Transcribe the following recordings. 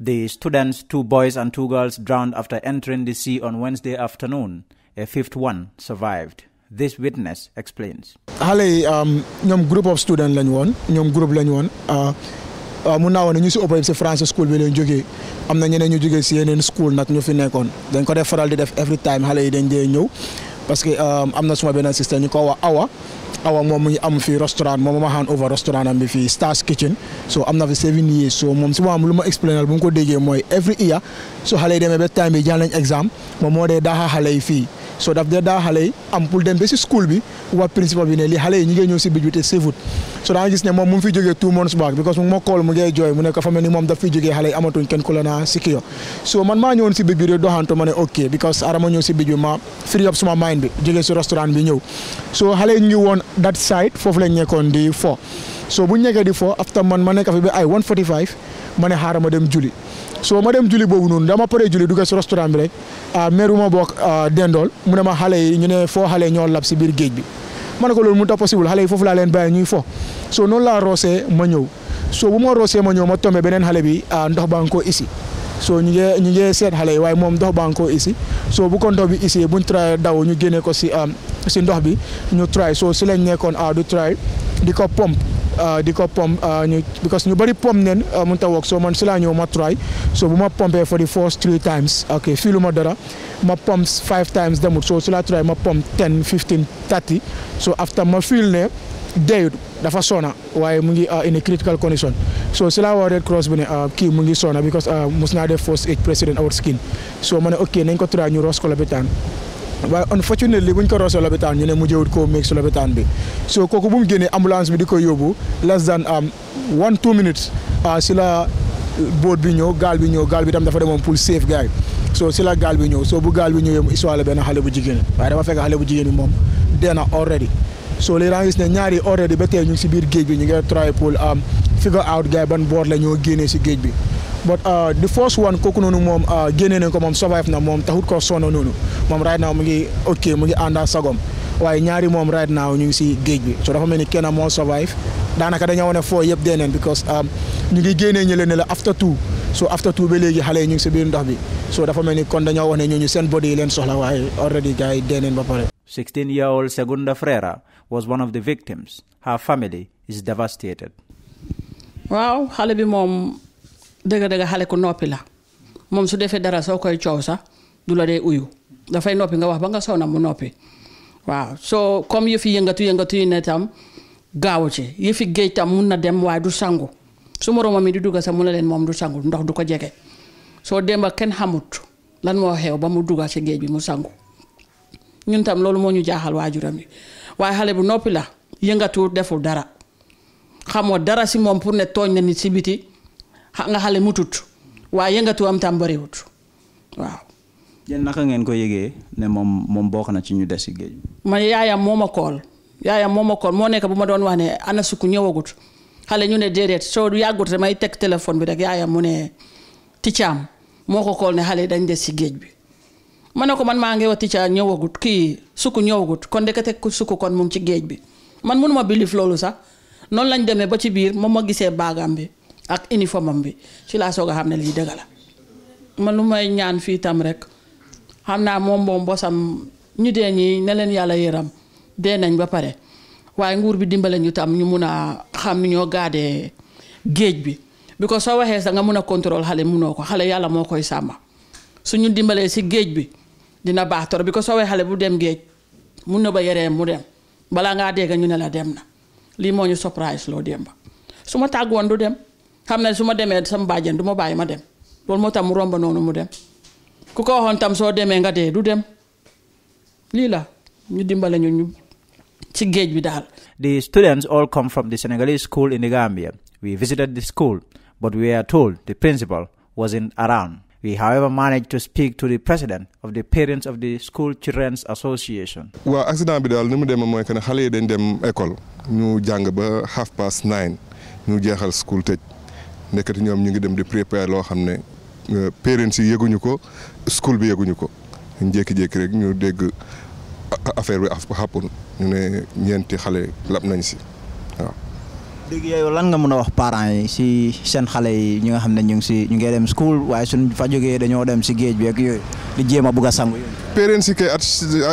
The students, two boys and two girls, drowned after entering the sea on Wednesday afternoon. A fifth one survived. This witness explains. Hale um nyom group of students lañ nyom group lañ won. Uh, uh mun naa woon ne ñu si ëpp school bi leen am na ñeneen ñu jógee si yeneen school nag ñu fi nekkoon dañ ko faral di every time xale yi nyu. parce que euh, am na suma beneen système ñu ko wax awa awa moom mu am fii restaurant moom ma hand over restaurant am bi fii Stars Kitchen so am na fi seven years so moom si maanaam lu ma explainal bu mu ko déggee mooy every year so xale yi demee ba time bi jàng nañ exam moom moo dee daaxa xale yi fii. so daf dee daa xale yi am pour dem ba si school bi waa principal bi ne lii xale yi ñi ngi ñëw si bij bi te séfut so daa gis ne moom mu fi jógee two months back because mu ma call mu ngee jooy mu ne ko fa mel ni moom daf la ma ne si bij bi ma free up suma mind bi jógee si restaurant bi ñëw so xale yi ñu woon that side foofu lañ nekkoon di fo so bu ñu nekkee di fo after man ma nekk fi ba ay ma ne xaaral ma dem juli soo ma dem julli boobu noonu dama pare julli dugg si restaurant bi rek ah, meru ma bokk ah, dendool mu ne ma xale yi ñu ne foo xale ñoo lab si biir géej bi ma ne ko loolu mu ta possible xale yi foofu laaleen leen bàyyi ñuy fo soo noonu laa roosee ma ñëw soo bu ma roosee ma ñëw ma tombé beneen xale bi ah, ndox baa ngi ko isi soo ñu ngi ñu ngi seet xale yi waaye moom ndox baa ngi ko isi soo bu ko ndox bi bu buñ try daw ñu génnee ko si si ndox bi ñu try soo si lañ nekkoon du try di ko pompe Euh, di ko pomp euh, ñu because ñu bëri pom neen euh, mun ta woog soo man si laa ñëw ma try so bu ma pompee for the first three times ok fiilu ma dara ma pomp five times demut so si laa try ma pomp ten fifteen thirty so after ma fiil ne deyut dafa sona waaye mu ngi in a critical condition so si laa waa Red Cross bi ne kii mu ngi sona because mos naa def first aid president our skin so ma ne ok nañ ko try ñu ros ko lopitaan waaye lii bu ñu ko roosee lopitaan ñu ne mu jëwut koo méeg si lopitaan bi so kooku bu mu génnee ambulance bi di ko yóbbu less am um, one two minutes uh, si la boot bi ñëw gaal bi ñëw gaal bi tam dafa demoon pour save gaay so si la gaal bi ñëw soo bu gaal bi ñëwee mu histoire la benn xale bu jigéen waaye dafa fekk xale bu jigéen bi moom dee na already so léegi da nga gis ne ñaari already ba tey ñu si biir géej bi ñu ngi try pour um, figure out gaay ban boor la ñoo génnee si géej bi but uh, the first one kooku noonu moom uh, génne ko moom survive na moom taxut ko sonn noonu moom right now mu ngi ok mu ngi ànda sagom waaye ñaari moom right now ñu ngi si géej bi so dafa mel ni kenn moo survive daanaka dañoo wane foo yëpp dee neen because um, ñu ngi génnee ñu leen ne la after two so after two ba léegi xale ñu ngi biir ndox bi so dafa mel ni kon dañoo wax ne ñooñu seen body yi leen soxla waaye already gars yi dee neen ba pare. 16-year-old Segunda Frera was one of the victims. Her family is dëgg-dëgg xale ku noppi la moom su defee dara soo koy coow sax du la dee uyu dafay noppi nga wax ba nga na mu noppi waaw soo comme yëfi yëngatu yëngatu yi ne tam gaawu ci yëfi géej tam mun na dem waaye du sangu su moromam yi di dugga sax mu ne leen moom du sangu ndox du ko jege soo demba kenn xamut lan moo xew ba mu dugga si géej bi mu sangu ñun tam loolu moo ñu jaaxal waajuram yi waaye xale bu noppi la yëngatu deful dara xamoo dara si moom pour ne nga xale mutut waaye am tam bariwut waaw. yéen naka ngeen ko yëgee ne moom moom bokk na ci ñu des ci géej man yaayam moo ma kool yaayam moo ma moo nekk bu ma doon wax ne ana sukk ñëwagut xale ñu ne déedéet soo yàggut damay teg téléphone bi rek yaayam mu ne ticcaam moo ko kool ne xale dañ des ci géej bi. ma ne ko man maa ngi wax ticcaam ñëwagut kii sukk ñëwagut kon ndekete sukk kon mu ci géej bi man mënuma bilif loolu sax noonu lañ demee ba ci biir moom ma gisee baagam bi. ak uniforme am bi ci laa soog a xam ne la man lu may ñaan fii tam rek bosam ñu dee ñi ne leen yàlla yëram dee nañ ba pare waaye nguur bi dimbale ñu tam ñu mun a xam ni ñoo gaadee géej bi bi ko soo waxee sax nga mun contrôle xale munoo ko xale yàlla koy suñu si géej bi dina bu dem na ba yereem mu dem balaa ngaa dégg ñu ne la dem na lii moo ñu surprise lo dem ba su du dem sama dem mu mu dem ku ko tam nga du dem la ñu dimbale ñu ci géej bi The students all come from the Senegalese school in the Gambia. We visited the school, but we are told the principal was in around. We, however, managed to speak to the president of the Parents of the School Children's Association. waaw accident bi daal ni mu demee mooy xale dañ dem école ñu jàng ba half past nine ñu jeexal school tëj. nekkati ñoom ñu ngi dem di préparer loo xam ne euh, parents si yëguñu ko school bi yëguñu ko jékki-jékki rek ñu dégg affaire bi happen ñu ne ñeenti xale lab nañ si waaw. dégg yooyu lan nga mun a wax parents yi si seen xale yi ñu nga xam ne ñu ngi si ñu ngi dem school waaye suñ fa jógee dañoo dem si géej bi yooyu di jéem a bugg a sangu. parents yi kay at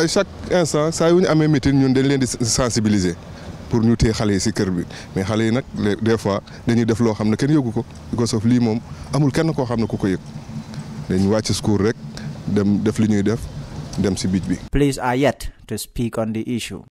chaque instant saa yu ñu amee meeting ñun dañ leen di sensibiliser. pour ñu téye xale yi si kër bi mais xale yi nag des fois dañuy def loo xam ne kenn yogu ko ko sof lii moom amul kenn koo xam ne ku ko yëg dañu wàcc school rek dem def li ñuy def dem si bij bi. Please are yet to speak on the issue.